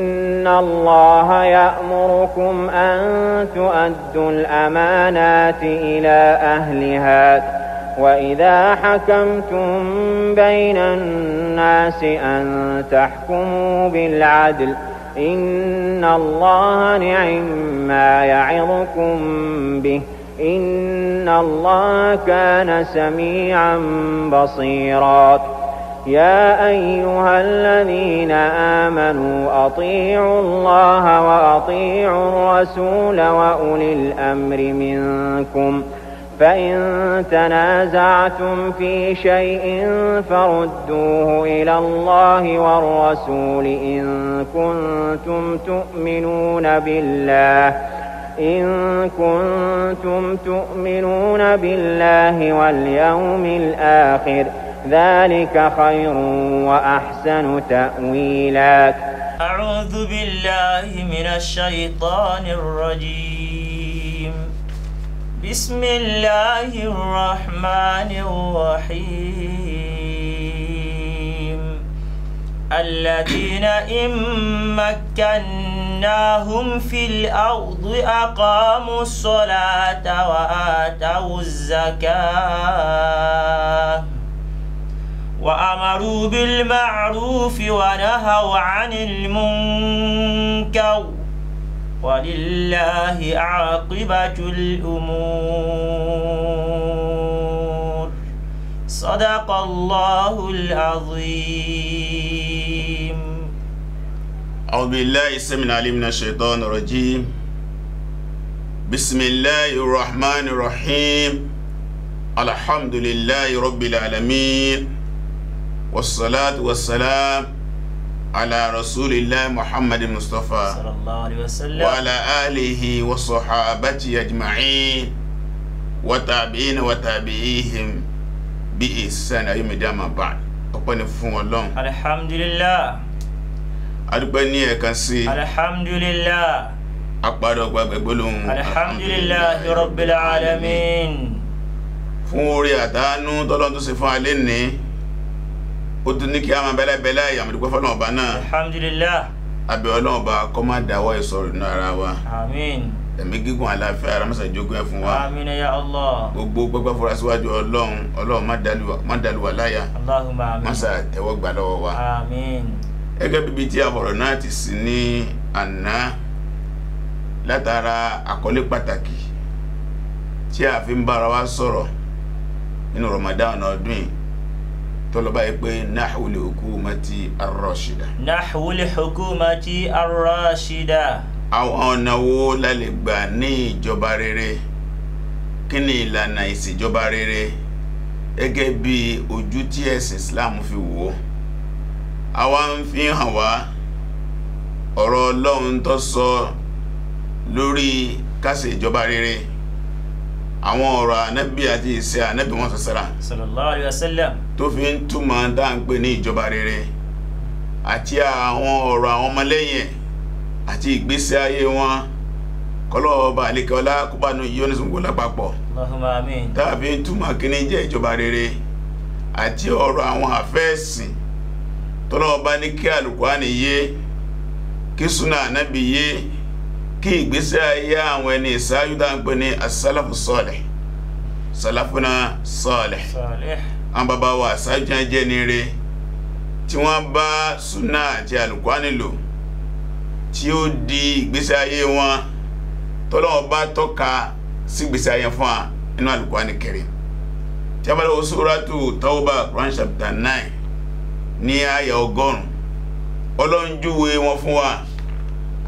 إن الله يأمركم أن تؤدوا الأمانات إلى أهلها وإذا حكمتم بين الناس أن تحكموا بالعدل إن الله نعم ما يعظكم به إن الله كان سميعا بصيرا يا أيها الذين آمنوا أطيعوا الله وأطيعوا الرسول وأولي الأمر منكم فإن تنازعتم في شيء فردوه إلى الله والرسول إن كنتم تؤمنون بالله إن كنتم تؤمنون بالله واليوم الآخر ۖ ذلك خير وأحسن تأويلا أعوذ بالله من الشيطان الرجيم بسم الله الرحمن الرحيم الذين إن مكناهم في الأرض أقاموا الصلاة وآتوا الزكاة وأمروا بالمعروف ونهوا عن المنكر ولله عاقبة الأمور صدق الله العظيم أعوذ بالله السميع العليم من الشيطان الرجيم بسم الله الرحمن الرحيم الحمد لله رب العالمين wasalaatu wasalaam ala rasulillah muhammad mustapha wa ala alihi wa sahabati ajma'in wa tabi'in wa tabi'ihim bi ihsan ayomidama ba'd ọpẹ́ ni fún Ọlọ́run. alhamdulilah. adúpẹ́ ní ẹ̀ẹ̀kan sí. alhamdulilah. apàdé ọgbà gbẹgbẹlóhùn. alhamdulilah rabbil alamin. fún orí àdánù tọ́lọ́n tó ṣe fún alẹ́ ní. O tún ní kí a máa bẹ́lẹ́ bẹ́lẹ́ àyè àmì dúpẹ́ fọlọ́n ọba náà. alhamdulillah. abẹ́ ọlọ́run ọba kọ́ máa dáwọ́ ìsọ̀rọ̀ inú ara wa. àmín. ẹ̀mí gígùn àlàáfíà ara mọ́sá ìjókòó ẹ̀ fún wa. àmín ya Allah. gbogbo gbẹgbẹ́ fura síwájú ọlọ́run ọlọ́run má dàlúwà láyà. Allahumma àmín. mọ́sá ẹ̀wọ́ gbà lọ́wọ́ wa. àmín. gẹ́gẹ́ bíbi tí àbọ̀rọ̀ náà ti sí ní àná látara àkọlé pàtàkì tí a fi ń bára wa sọ̀rọ̀ nínú Ramadan ọdún yìí tọ́lọ́ba yìí pé nahul hukumati arrashida. nahul hukumati arrashida. àwọn ọ̀nà wo la lè gbà ní ìjọba rere kí ni ìlànà ìṣèjọba rere gẹ́gẹ́ bí ojú tí ẹ̀sìn Islam fi wò ó àwa ń fi hàn wá ọ̀rọ̀ Ọlọ́run tó sọ lórí ká ṣe ìjọba àwọn ọ̀rọ̀ ànábì àti ìṣe ànábì wọn sọ̀sẹ̀ra sallallahu alaihi wasallam tó fi ń túmọ̀ dáńpé ní ìjọba rere àti àwọn ọ̀rọ̀ àwọn ọmọlẹ́yìn àti ìgbésí ayé wọn kọlọ́ọ̀bà àlekẹ́ọlá kúbánu yọ́nísùnkú lápapọ̀ Allahumma amin tàbí túmọ̀ kíní jẹ́ ìjọba rere àti ọ̀rọ̀ àwọn àfẹ́ẹ̀sìn tọ́lọ́ọ̀bá ní kí àlùkùránì yé kí súnà ànábì yé kí ìgbésí ayé àwọn ẹni ìsáájú dá ní asálàfù sọ́ọ̀lẹ̀ sálàfúnà sọ́ọ̀lẹ̀ àwọn bàbá wa àsáájú jẹ́ ní tí wọ́n bá súnà àti lò tí di ìgbésí ayé wọn tọ́lọ́wọ́ bá tọ́ka sí ìgbésí ayé fún wa nínú àlùkwáni kẹrin tí a bá lọ́wọ́ sóràtù tọ́wọ́bà Quran chapter nine ní àyà ọgọ́rùn-ún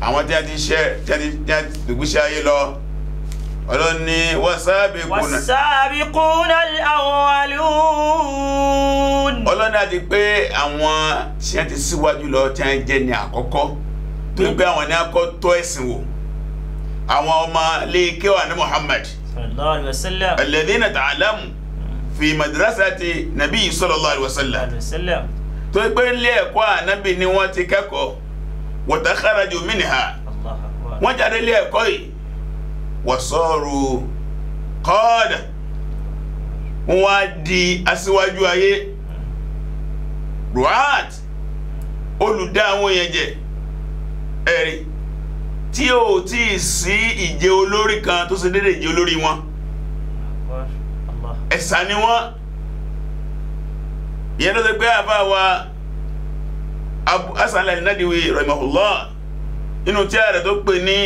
àwọn tí a ti ṣe tí a ti dùgbíṣẹ́ ayé lọ ọlọ́run ní wasabiquna wasabiquna al-awwalun ọlọ́run àti pé àwọn tí a ti síwájú lọ tí a jẹ́ ní àkọ́kọ́ tó ń pẹ́ àwọn ní akọ́ tó ẹ̀sìn wò àwọn ọmọ léèké ní Muhammad sallallahu alaihi fi madrasati nabi sallallahu alaihi wasallam tó ń pẹ́ ń lé ẹ̀kọ́ ànábì ni wọ́n ti kẹ́kọ̀ọ́ wọ̀tàkàràjò mìnìhà wọ́n jáde ilé ẹ̀kọ́ yìí wọ̀sọ́ọ̀rù kọ́ọ̀dà wọ́n wá di aṣíwájú ayé ruat olùdá àwọn èèyàn jẹ ẹ̀rí tí ò tí ì sí ìjẹ olórí kan tó ṣe déédéé ìjẹ olórí wọn ẹ̀sà ni wọ́n ìyẹn ló ṣe pé àbá wa asan lẹni nadiwe rahimahullah inú tí a rẹ tó pè ní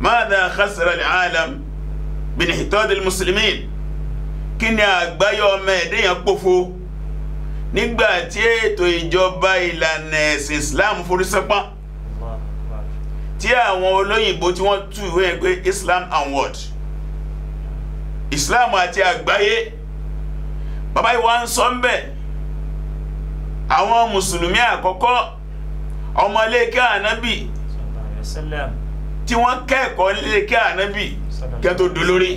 madha khasara al-alam binihitad al-muslimin kí ni àgbáyé ọmọ ẹ̀dẹ́yàn pòfo nígbà tí ètò ìjọba ìlànà ẹ̀sìn islam forí sẹ́pọ̀n tí àwọn olóyìnbó tí wọ́n tú ìwé pé islam and what islam àti àgbáyé bàbá yìí wọ́n ń sọ ń bẹ̀ àwọn mùsùlùmí àkọ́kọ́ ọmọlẹ́kẹ́ ànábì tí wọ́n kẹ́kọ̀ọ́ lẹ́kẹ́ ànábì kẹ́tọ́ dolórí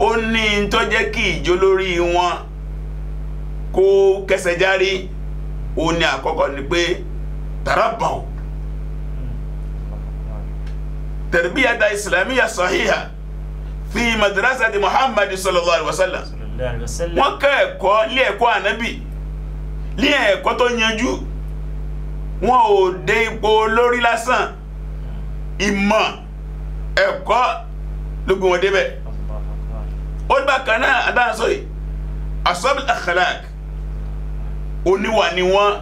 ó ní tọ́jẹ́ kí ìjó lórí wọn kó kẹsẹ̀ járí ó ní àkọ́kọ́ ni pé tarabbaw tarbiyata islamiyya sahiha fi madrasati muhammadu sallallahu alaihi wa sallam wọ́n kọ́ ẹ̀kọ́ lé ẹ̀kọ́ ànábì lé ẹ̀kọ́ tó yanjú wọn ò dé ipò olórí lásán ìmọ̀ ẹ̀kọ́ ló gbé wọn débẹ̀ ó gbà kan náà adáhùn sọ yìí asọ́bìlì akhlaq oníwà ni wọ́n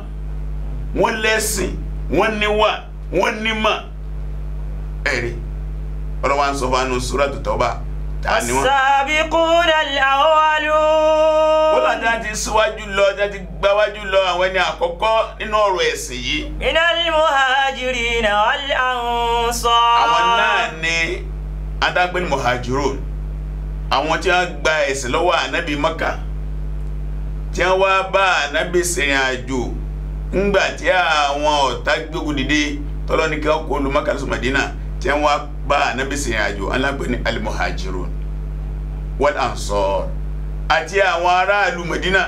wọ́n lẹ́sìn wọ́n níwà wọ́n nímọ̀ ẹ̀rí ọlọ́wà ń sọ fún anú súrà tó tọ́ba ni wọn. as-sabiquna al-awwalun. wọ́n láti láti síwájú lọ láti gbáwájú lọ àwọn ẹni àkọ́kọ́ nínú ọ̀rọ̀ ẹ̀sìn yìí. minal muhajirina wal ansar. àwọn náà ni adágbẹ́ni muhajirun àwọn tí wọ́n gba ẹ̀sìn lọ́wọ́ ànábì mọ́kà tí wọ́n wá bá ànábì sìnrìn àjò ńgbà tí àwọn ọ̀tá gbógun dìde tọ́lọ́ ní kí wọ́n kó lu mọ́kà lọ́sọ̀ tí wọ́n wá bá ànábì sìn àjò alágbè ní alimuhajirun wal ansor àti àwọn aráàlú Medina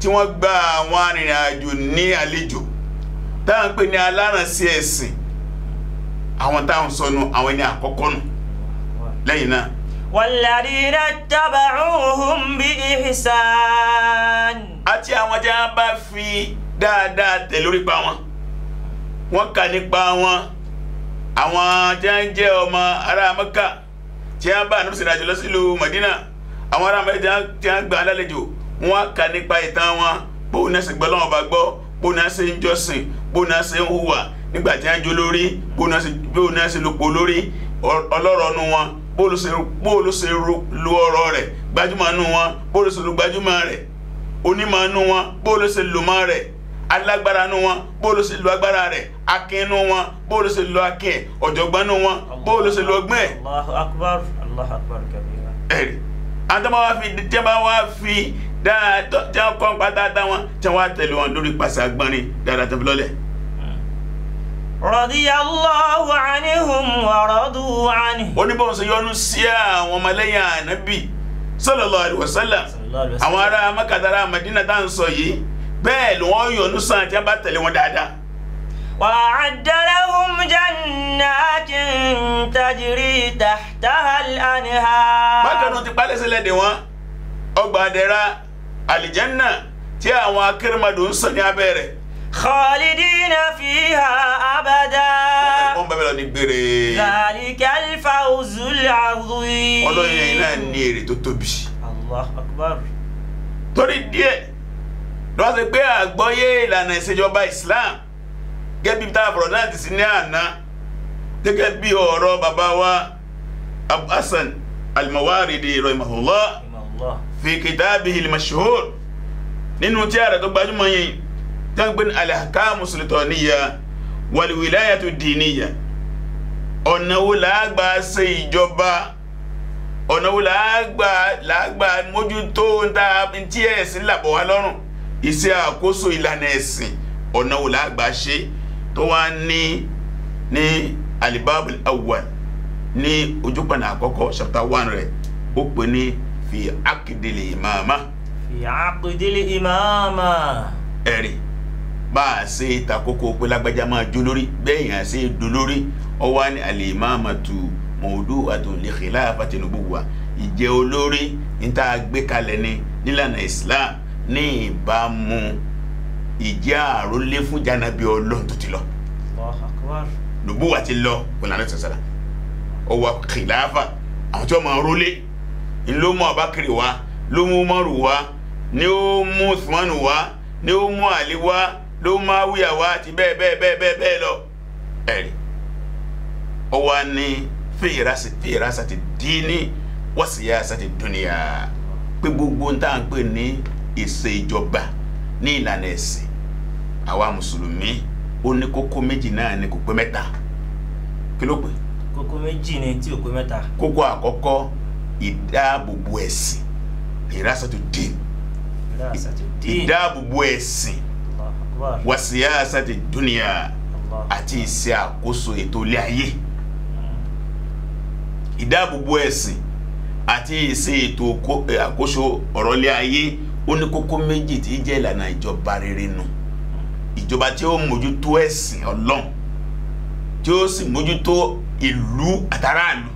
tí wọ́n gba àwọn arìnrìn àjò ní àlejò táwọn ń pè ní alárànṣẹ́ ẹ̀sìn àwọn táwọn sọnù àwọn ẹni àkọ́kọ́ nù lẹ́yìn náà. والذين اتبعوهم بإحسان àti àwọn tí a bá fi dáadáa tẹ̀ lórí pa àwọn tí wọ́n jẹ́ ọmọ ará Mẹ́kà tí wọ́n bá ànúbìsí ìrìnàjò lọ sílùú Mẹdínà àwọn ará Mẹ́kà tí wọ́n gbà alálejò wọ́n kà nípa ìtàn wọn bóun náà sì gbọ́ lọ́wọ́ bá gbọ́ bóun náà sì ń jọ́sìn bóun náà sì ń hùwà nígbà tí wọ́n jó lórí bóun náà sì lòpọ̀ lórí ọlọ́rọ̀ nu wọn bóòlù ṣe lu ọ̀rọ̀ rẹ̀ gbajúmọ̀ nu wọn bóòlù ṣe lu gbajúmọ̀ rẹ̀ onímọ̀ nu wọn bóòlù ṣe lùmọ̀ rẹ̀ alágbára nu wọn bóòlù sì lo agbára rẹ̀ akin nu wọn bóòlù sì lo akin ẹ̀ ọ̀jọ̀gbọ́n nu wọn bóòlù sì lo ọgbọ́n ẹ̀. Allahu akbar Allahu akbar kabira. ẹ̀rí àwọn tó bá wá fi tí wọ́n bá wá fi dáadọ́ tí wọ́n kọ́ ń pa dáadáa wọn tí wọ́n wá tẹ̀lé wọn lórí pàṣẹ agbọ́nrin dáadáa tó fi lọ́lẹ̀. Radiyallahu anhum wa radu anhu. ó ní bọ́n sọ sí àwọn ọmọlẹ́yìn ànábì sallallahu alaihi àwọn ará makadara Madina tá à ń sọ yìí bẹ́ẹ̀ ló wọ́n yọ̀nú sàn tí wọ́n bá tẹ̀lé wọn dáadáa. وأعد لهم جنات تجري تحتها الأنهار. bákan náà ti pálẹ̀ sílẹ̀ dè wọ́n ọgbà àdẹ́ra àlìjánná tí àwọn akérèmọdò ń sàn ní abẹ́ rẹ̀. khalidina fiha abada. wọ́n bẹ̀rẹ̀ lọ ní gbére. zalikal fawzul azim. ọlọ́yin náà ní èrè tó tóbi. Allahu akbar. torí díẹ̀ lọ́wọ́ sọ pé àgbọ́yé ìlànà ìṣèjọba Islam gẹ́gẹ́ bí tá a fọ̀rọ̀ náà ti sí ní àná gẹ́gẹ́ bí ọ̀rọ̀ bàbá wa Abu Hasan al-Mawardi rahimahullah fi kitabihi al nínú tí a tó gbajúmọ̀ yìí tó ń gbé ní al-ahkamu sultaniya wal-wilayatu làágbà ṣe ìjọba ọ̀nà làágbà làágbà mójútó ń tí ẹ̀sìn làbọ̀ wá lọ́rùn iṣẹ́ àkóso ìlànà ẹ̀sìn ọ̀nà wo làgbà ṣe tó wá ní ní alibabul awwal ní ojúpọ̀nà àkọ́kọ́ chapter one rẹ̀ ó pè ní fi akidili imama. fi akidili imama. ẹ̀rí bá a ṣe takoko pé lágbájá máa jó lórí bẹ́ẹ̀ yẹn a ṣe dolórí ọwọ́ ní alimama tu mọ̀ọ́dú àtúnlẹ̀ khilafati nubuwa ìjẹ́ olórí níta gbé kalẹ̀ ni nílànà islam ní ìbámu ìjẹ́ àrólé fún janabi ọlọ́run tó ti lọ lùbú wa ti lọ ìlànà sàṣàlà ọwọ́ kìláfà àwọn tí wọ́n máa rólé ló mú abakiri wá ló mú umaru wá ni ó mú usmanu wá ni ó mú ali wá ló mú awuya wá àti bẹ́ẹ̀ bẹ́ẹ̀ bẹ́ẹ̀ bẹ́ẹ̀ bẹ́ẹ̀ lọ ẹ̀rí ọwọ́ ni fìyàrá sàti dín ní wọ́síyà sàti dúnìyà pé gbogbo ń tà ń pè ní. ìṣèjọba ní ìlànà ẹ̀sìn àwa mùsùlùmí ó ní kókó méjì náà ní kò pé mẹ́ta kí ló pè. kókó méjì ni tí ò pé esi kókó àkọ́kọ́ ìdáàbòbò ẹ̀sìn ìrásàtò dín ìdáàbòbò ẹ̀sìn wàsíyàsàtì dúnìyà àti ìṣe àkóso ètò ilé ayé hmm. ìdáàbòbò ẹ̀sìn àti ó ní kókó méjì tí jẹ́ ìlànà ìjọba rere nù ìjọba tí ó mójútó ẹ̀sìn ọlọ́run tí ó sì mójútó ìlú àtàràlù.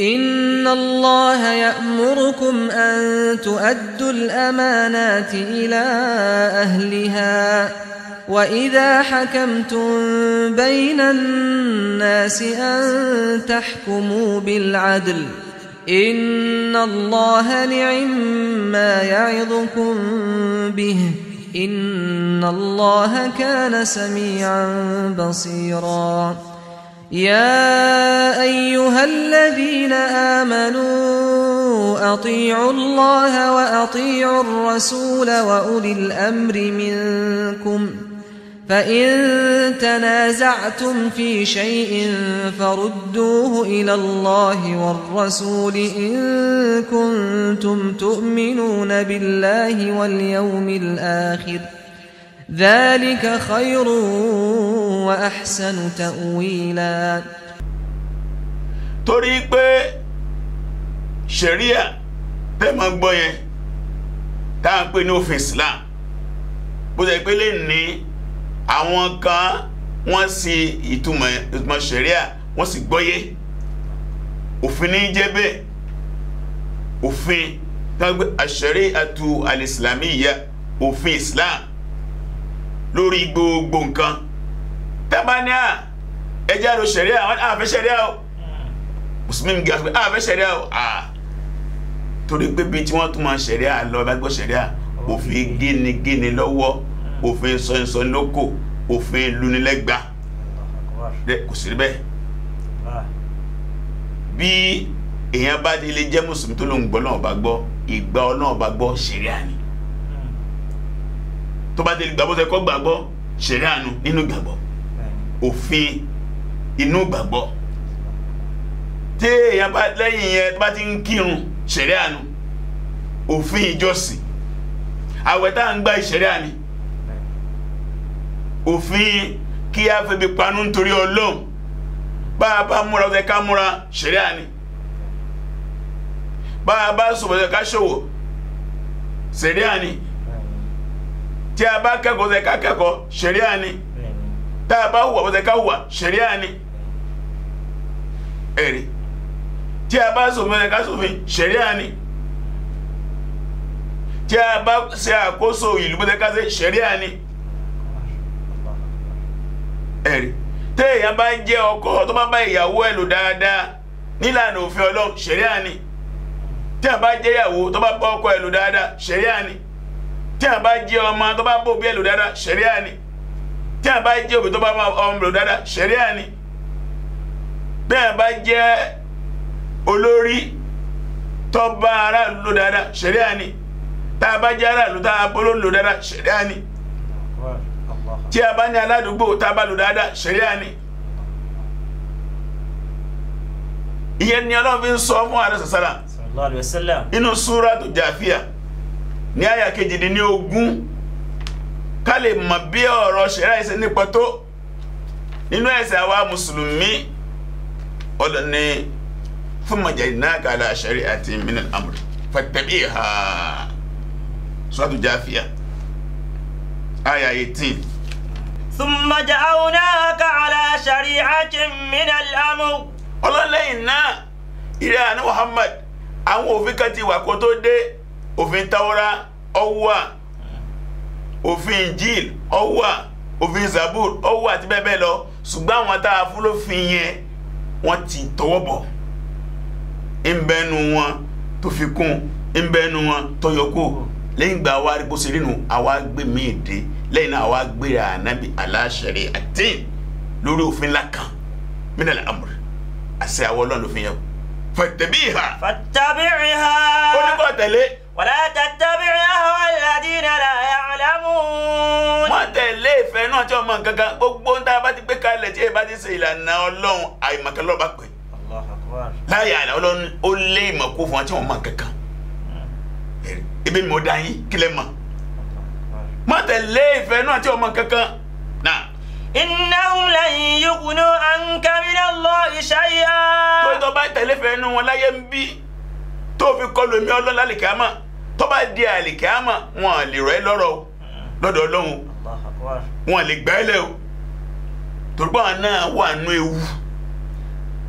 إن الله يأمركم أن تؤدوا الأمانات إلى أهلها وإذا حكمتم بين الناس أن تحكموا بالعدل إن الله لعم ما يعظكم به إن الله كان سميعا بصيرا يا أيها الذين آمنوا أطيعوا الله وأطيعوا الرسول وأولي الأمر منكم ۖ فإن تنازعتم في شيء فردوه إلى الله والرسول إن كنتم تؤمنون بالله واليوم الآخر ذلك خير وأحسن تأويلا طريق شريعة ṣẹ̀ríà tẹ́ máa gbọ́ yẹn tá à àwọn kan wọ́n sì ìtumọ̀ ìtumọ̀ ṣẹ̀ríà wọ́n sì gbọ́yé òfin ní jẹ́ bẹ́ẹ̀ òfin tàbí àṣẹ̀rí àtú alìsìlámíyà òfin islam lórí gbogbo nǹkan tàbá ní à ẹjẹ́ àlò ṣẹ̀ríà àwọn àfẹ́ o mùsùlùmí gíga pé àfẹ́ ṣẹ̀ríà o à torí pé bí tí wọ́n tún máa ṣẹ̀ríà lọ bá gbọ́ ṣẹ̀ríà òfin gíni gíni lọ́wọ́ òfin sọ̀nsọ̀nlókò òfin lunilẹ́gba kò sí bẹ́ẹ̀ bí èèyàn bá di ilé jẹ́ mùsùlùmí tó ló ń gbọ́ náà bá gbọ́ ìgbà ọ náà bá gbọ́ ṣẹ̀ríà ni tó bá délé gbàgbọ́ tó ẹ̀kọ́ gbàgbọ́ ṣẹ̀ríà nu nínú gbàgbọ́ òfin inú gbàgbọ́ tí èèyàn bá lẹ́yìn yẹn tó bá ti ń kírun ṣẹ̀ríà nu òfin ìjọsìn àwẹ̀ tá à ń gba ìṣẹ̀ríà ni òfin kí a febi panú nítorí ọlọ́run bá a bá múra ọ̀fẹ́ ká múra ṣẹ̀ríà ni bá a bá ṣòwò ọ̀fẹ́ ká ṣòwò ṣẹ̀ríà ni tí a bá kẹ́kọ̀ọ́ ọ̀fẹ́ ká kẹ́kọ̀ọ́ ṣẹ̀ríà ni tá a bá hùwà ọ̀fẹ́ ká hùwà ṣẹ̀ríà ni ẹ̀rí tí a bá ṣòfin ọ̀fẹ́ ká ṣòfin ṣẹ̀ríà ni tí a bá ṣe àkóso ìlú ọ̀fẹ́ ká ṣe ẹ̀rí téèyàn bá jẹ́ ọkọ tó bá bá ìyàwó ẹ̀ lò dáadáa nílànà òfin ọlọ́run ṣẹ̀ríà ni téèyàn bá jẹ́ ìyàwó tó bá bá ọkọ ẹ̀ lò dáadáa ṣẹ̀ríà ni téèyàn bá jẹ́ ọmọ tó bá bá òbí ẹ̀ lò dáadáa ṣẹ̀ríà ni téèyàn bá jẹ́ òbí tó bá bá ọmọ lò dáadáa ṣẹ̀ríà ni téèyàn bá jẹ́ olórí tó bá aráàlú lò dáadáa ṣẹ̀ríà ni tá a bá jẹ́ aráàlú tá a bọ́ lò dáadáa ṣẹ̀ríà ni tí a bá ní aládùúgbò tá a bá lò dáadáa ṣẹ̀ríà ni ìyẹn ni ọlọ́run fi ń sọ fún ààrẹ sàsálà inú súrátù jàfíà ní àyà kejìdín ní ogún ká lè mọ̀ bí ọ̀rọ̀ ṣẹ̀ríà ìṣe nípa tó nínú ẹ̀sìn àwa mùsùlùmí ọ̀dọ̀ ni thumma ja'alnaka ala shari'atin min al-amr fattabi'ha súrátù jàfíà àyà 18 ثم جعلناك على شريعة من الأمر ọlọ́lẹ́yìn náà ìrẹ́ àná Muhammad àwọn òfin kan ti wà kó tó dé òfin Taura ọwà òfin Injil ọwà òfin Zabur bẹ́ẹ̀ bẹ́ẹ̀ lọ ṣùgbọ́n àwọn tá a fún lófin yẹn wọ́n ti tọwọ́ bọ̀ wọn tó fi wọn lẹ́yìn náà wàá gbéra ànábì aláṣẹrẹ àti lórí òfin ńlá kan mínà làmùrè àṣẹ àwọn ọlọ́run òfin yẹn fàtẹ̀bí ha. fàtẹ̀bí ha. ó ní kó tẹ̀lé. wàlá tàtẹ̀bí ahọ́ aládìrẹ́ la ya'lamun. wọ́n tẹ̀lé ìfẹ́ náà tí wọ́n mọ nǹkan kan gbogbo ń tá a bá ti gbé kalẹ̀ tí ẹ bá ti ṣe ìlànà ọlọ́run àìmọ̀kan lọ́ba pè. láyà ọlọ́run ó lé ìmọ̀ fún wọn tí wọ́n mọ nǹkan kan. Hmm. ibi mi ò yín kílẹ̀ mọ̀ má tẹ̀lé ìfẹ́ náà tí o mọ kankan náà. innahum lan yughnu anka minallahi shay'a. tó tó bá tẹ̀lé ìfẹ́ nu wọn láyé ń bí tó fi kọlu mi ọlọ́ lálìkàmà tó bá di àlìkàmà wọn lè rọ ẹ lọ́rọ̀ o lọ́dọ̀ ọlọ́run wọn lè gbà ẹ lẹ́ o torí náà wà nú ewu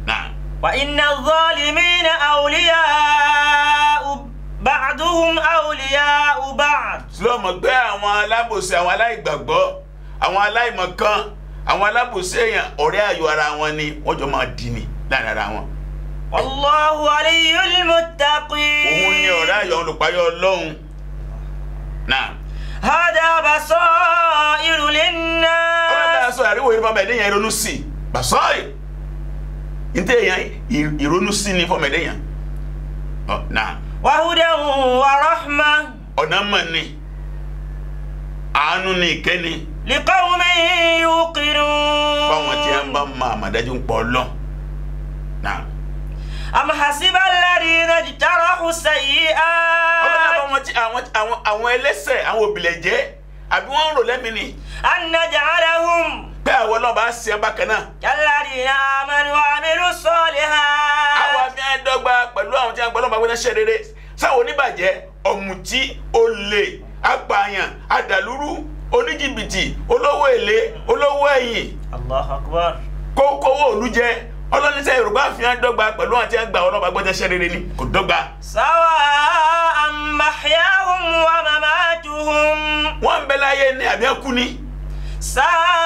náà. وإن الظالمين أولياء بعضهم أولياء بعض lọ́mọ̀ pé àwọn alábòsí àwọn aláìgbàgbọ́ àwọn aláìmọ̀kan àwọn alábòsí èèyàn ọ̀rẹ́ ayò ara wọn ni wọ́n jọ máa dì ní láàrin ara wọn. Allahu aliyul muttaqin. òun ni ọ̀rẹ́ ayò olùpayọ̀ ọlọ́run náà. hada basairu linnas. ọlọ́dà aṣọ àríwò yìí fọmọ ẹ̀dẹ́yàn ìrònú sí i basọ́ọ̀ì ntẹ̀ èèyàn ìrònú sí i ní fọmọ ẹ̀dẹ́yàn. náà. wa hudan ọ̀nà mọ̀ ni àánú ni ìkẹ́ni liqawmin yuqinun fáwọn tí a ń bá ma àmàdájú ń pọ̀ lọ náà. am hasiba alladhina jtarahu sayyi'at. ọ̀pọ̀ náà àwọn tí àwọn ẹlẹ́sẹ̀ àwọn òbílẹ̀ jẹ́ àbí wọ́n ń rò lẹ́mìí ni. an naj'alahum. bẹ́ẹ̀ àwọn náà bá ṣe bákan náà. kalladhina amanu wa amilu salihat. àwọn àmì àdọ́gba pẹ̀lú àwọn tí a gbọ́dọ̀ máa gbé ṣe rere sáwọn oníbàjẹ́ ọ̀mùtí olè apààyàn adàlúrú oníjìbìtì olówó èlé olówó ẹ̀yìn. Allahu Akbar. ọlọ́nisẹ́ yorùbá fi hàn dọ́gba pẹ̀lú àti àgbà ọlọ́ba gbọ́dọ̀ ṣẹ́ rere kò dọ́gba. sáwà àmàhíyáhùn wà màmáàtúhùn. wọ́n ń bẹ láyé ní àbí ẹkú ni. sáà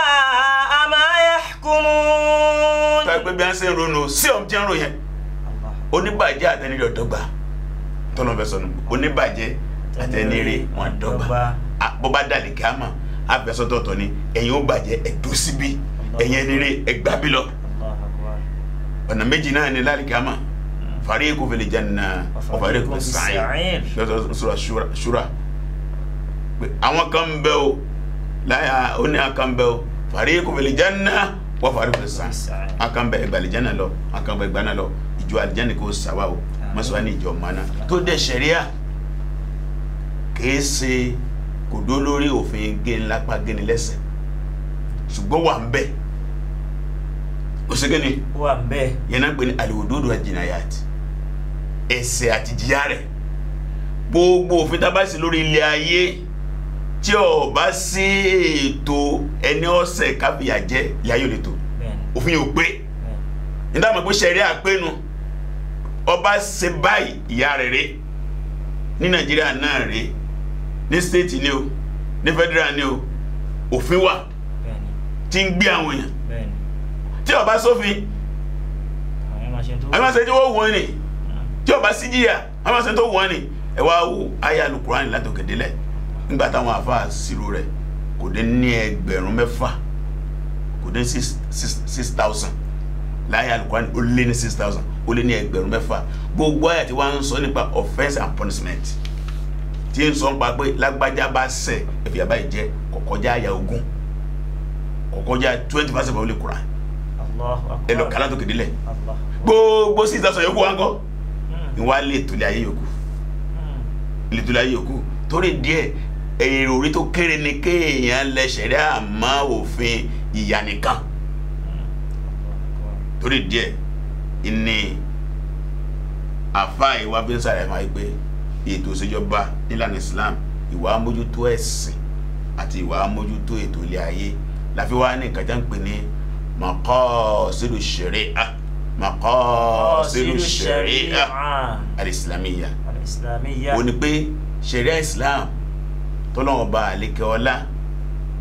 àmàyàkùnmùn. tàgbẹ́ bí wọ́n ṣe ń ronú sí ọ̀hún tí ń ronú yẹn oníbàjẹ́ àtẹnudọ̀ tọ́lọ́ fẹ́ sọnù oníbàjẹ́ àtẹnire wọn dọ́gba bó bá dàlí gàmà àfẹsọ́tọ̀ọ̀tọ̀ ni ẹ̀yin ó bàjẹ́ ẹ̀dó síbí ẹ̀yin ẹnire ẹgbà bí lọ ọ̀nà méjì náà ni lálẹ́ gàmà mm. fariqu fil janna wa fariqu fis sa'ir lọ́sọ̀rọ̀ sura sura àwọn kan bẹ́ o láyà ó ní àkàn bẹ́ o fariqu fil janna wa fariqu fis sa'ir àkàn bẹ́ ẹgbàlẹ̀ janna lọ àkàn bẹ́ ẹgbàna lọ ìjọ mọ́síwá ní ìjọ mọ́ná tó dẹ̀ ṣẹ̀ríà kìí ṣe kò dó lórí òfin géni lápá géni lẹ́sẹ̀ ṣùgbọ́n wà ń bẹ̀ ó ṣe géni wà ń bẹ̀ yẹn náà pè ní àlèwòdòdò àjìnàyàt ẹ̀ṣẹ̀ àti jìyà rẹ̀ gbogbo òfin tá a bá sì lórí ilé ayé tí o bá sí ètò ẹni ọ̀sẹ̀ káfíà jẹ́ ìyá yóò lè tò òfin yóò pé nígbà mọ̀ pé ṣẹ̀ríà pé nu. No ọba ṣe báyìí ìyá rere ní nàìjíríà náà rè ní stéètì ni o ní federal ni o òfin wà tí ń gbé àwọn èèyàn tí ọba sófin àwọn ẹ̀ma ṣe tí wọ́n wọ́n ni ah. tí ọba sí jìyà àwọn ẹ̀ma tó wọ́n ni ẹ wá wo àyá alukurani látòkè délẹ̀ nígbà táwọn afa ṣírò rẹ̀ kò dé ní ẹgbẹ̀rún mẹ́fà kò dé six thousand láyé alukurani ó lé ní six thousand ó lé ní ẹgbẹ̀rún mẹ́fà gbogbo àyà tí wọ́n ń sọ nípa offence and punishment tí ń sọ nípa pé lágbájá bá ṣẹ̀ ẹ̀fìyà báyìí jẹ́ kọ̀kọ́já àyà ogún kọ̀kọ́já twenty percent of the Quran ẹ lọ kàlá tó kéde lẹ̀ gbogbo sí ìsàsọ̀ yòókù wa ń kọ́ ni hmm. wàá lè tó lé ayé yòókù hmm. lè tó lé ayé yòókù torí díẹ̀ èrò tó kéré ni kéèyàn lẹ́sẹ̀ rẹ̀ àmọ́ òfin ìyà hmm. torí díẹ̀ ní àfáà ìwà fi ń sàrẹ̀ máa gbé ètò ìṣèjọba nílànà Islam ìwà amójútó ẹ̀sìn àti ìwà amójútó ètò ilé ayé láfi wá ní nǹkan jẹ́ ń pè ní maqasidu sharia maqasidu sharia al-islamiyya ó ní pé sharia Islam tọ́lọ́wọ́n ba àlékẹ́ ọlá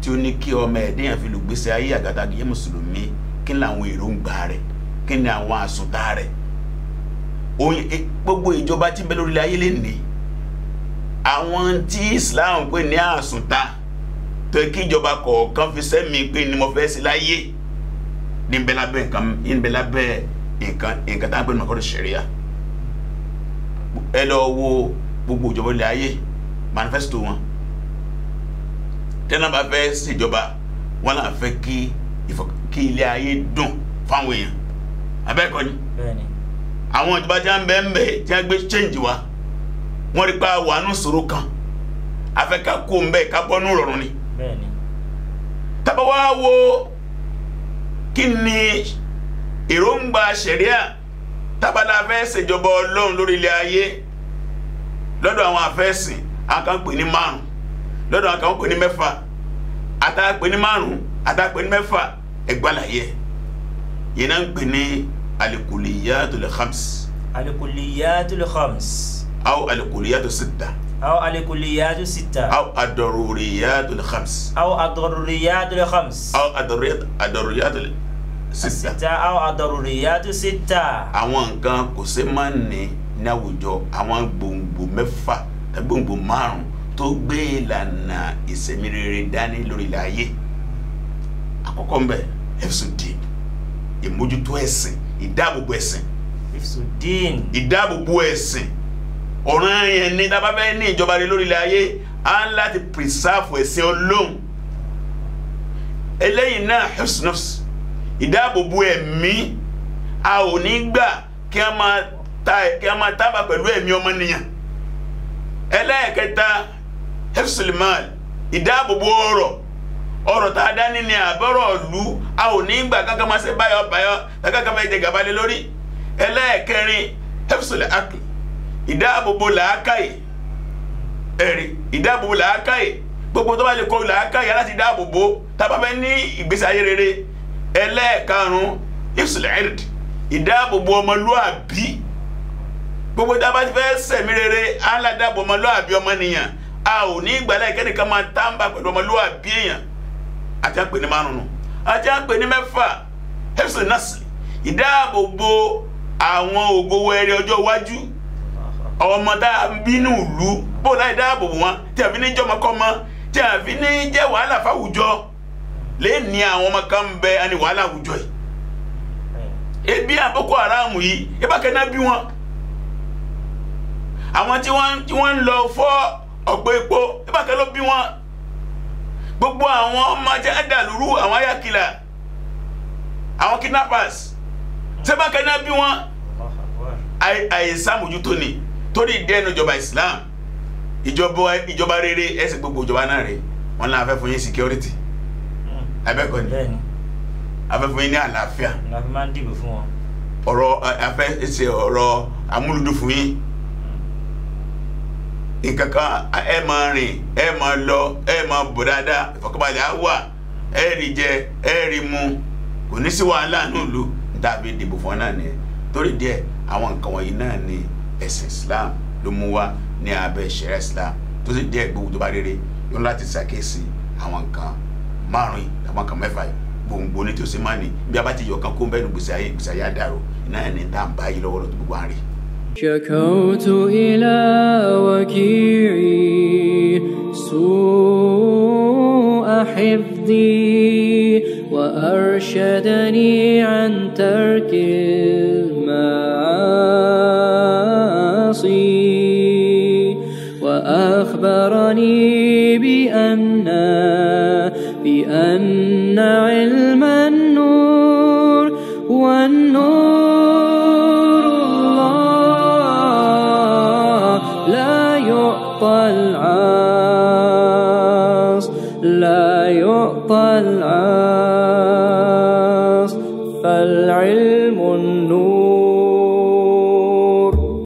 tí ó ní kí ọmọ ẹ̀dẹ́yàn fi lùgbésẹ̀ ayé àgàtàgé mùsùlùmí kí ni àwọn èròǹgbà rẹ̀ kí ni àwọn àsùndá rẹ̀ oyin eh, gbogbo ìjọba tí ń bẹ lórílẹ̀ ayé lè ní àwọn tí Islam pè ní àsùndá tó kí ìjọba kọ̀ọ̀kan fi sẹ́mi pé ni mo fẹ́ sí láyé ní bẹ́ẹ̀ lábẹ́ nǹkan ní bẹ́ẹ̀ lábẹ́ nǹkan nǹkan tá à ń pè ní mọ̀kọ́rọ̀ ṣẹ̀ríà ẹ lọ wo gbogbo ìjọba ilẹ̀ ayé manifesto wọn tẹ́lá bá fẹ́ wọn là ń fẹ́ kí ilé ayé dùn fáwọn èèyàn abẹ́ẹ̀kọ́ ni àwọn ìjọba tí change wa wọ́n rí pa kan afẹ́ ká kó ń bẹ́ẹ̀ ká bọ́nú rọrùn ni tábà wá wo kí ni èròǹgbà ṣẹ̀ríà tábà la fẹ́ ṣèjọba ọlọ́run lórí ilẹ̀ ayé lọ́dọ̀ àwọn afẹ́sìn àwọn ní márùn lọ́dọ̀ àwọn ní mẹ́fà àtàpè ní márùn ní mẹ́fà alikuliyatu le khams. alikuliyatu le khams. aw alikuliyatu sita. aw alikuliyatu sita. aw adororiyatu le khams. aw adororiyatu le khams. aw adororiyatu le sita. sita aw adororiyatu sita. àwọn nǹkan kò ṣe máa ń ní ní àwùjọ àwọn gbòǹgbò mẹ́fà tàbí gbòǹgbò márùn tó gbé ìlànà ìsẹ̀mí dání lórí ilẹ̀ ayé àkọ́kọ́ ń bẹ ìmójútó ẹ̀sìn ìdáàbòbò ẹ̀sìn ìdáàbòbò ẹ̀sìn ọ̀ràn yẹn ni tá a bá fẹ́ ní ìjọba rẹ lórí ilẹ̀ ayé á ń láti pírísàfù ẹ̀sìn Ọlọ́hun eléyìí náà hepsinus ìdáàbòbò ẹ̀mí a ò ní gbà kí a máa tábà pẹ̀lú ẹ̀mí ọmọnìyàn ẹlẹ́ẹ̀kẹta hepsilmal ìdáàbòbò ọrọ̀ ọ̀rọ̀ tá a dá ní ni àbọ̀rọ̀ ìlú a ò ní gbà kankan máa ṣe báyọ̀ báyọ̀ kankan máa jẹ gàba lé lórí ẹlẹ́ẹ̀kẹrin ẹ̀fùsùlẹ̀ àkè ìdáàbòbò làákàyè ẹ̀rí ìdáàbòbò làákàyè gbogbo tó bá lè kó làákàyè láti dáàbòbò tá a bá fẹ́ ní ìgbésí ayé rere ẹlẹ́ẹ̀karùn ẹ̀fùsùlẹ̀ ẹ̀rìd ìdáàbòbò ọmọlúàbí gbogbo tá a bá fẹ́ sẹ̀mí rere á ládàbò ọmọlúàbí ọmọnìyàn a ò ní ìgbàlẹ̀ àti àpè ní márùn ún àti àpè ní mẹ́fà hefsi nasi ìdáàbòbò àwọn ògo wẹrẹ ọjọ́ iwájú ọmọ tá a ń bínú ìlú bó láì dáàbòbò wọn a fi ní jọmọkọmọ tí a fi ní jẹ wàhálà fáwùjọ lè ní àwọn ọmọ kan bẹ ẹni wàhálà àwùjọ yìí ebi àbókò aráàmù yìí ebákẹ́ náà bí wọn àwọn tí wọ́n ń lọ fọ́ ọ̀pọ̀ epo ebákẹ́ ló bí wọn gbogbo àwọn ọmọ tí a dà lóru àwọn ayakila àwọn kidnappers sẹ́bàkẹ́ náà bí wọ́n àìsàn mójútó ni torí dẹ́nu ìjọba Islam ìjọba ìjọba rere ẹsẹ gbogbo ìjọba náà rè wọn náà afẹ́ fún yín security hmm. abẹ́kọ̀ ni afẹ́ fún yín ní àlàáfíà ọ̀rọ̀ afẹ́ ṣe ọ̀rọ̀ amúlùdù fún yín nǹkan kan ẹ máa rìn ẹ máa lọ ẹ máa bọ̀ dáadáa ìfọ̀kànbalẹ̀ á wà ẹ rí jẹ ẹ rí mu kò ní sí wàhálà nílùú tàbí dìbò fún náà nìyẹn torí díẹ̀ àwọn nǹkan wọ̀nyí náà ni ẹ̀sìn Islam ló mú wá ní abẹ́ ìṣẹ̀rẹ́ Islam tó sì díẹ̀ gbogbo tó bá rere yóò láti ṣàkíyèsí àwọn nǹkan márùn-ún àwọn nǹkan mẹ́fà gbòǹgbò ní tòsí máa ní bí a bá ti yọ̀ kan kó ń bẹ́ẹ̀ nu gbèsè ayé gbèsè ayé àdàrò náà ní tá à lọ́wọ́ lọ́tọ́ gbogbo àárín. شكوت إلى وكيعي سوء حفظي وأرشدني عن ترك المعاصي وأخبرني بأن بأن علم والأرض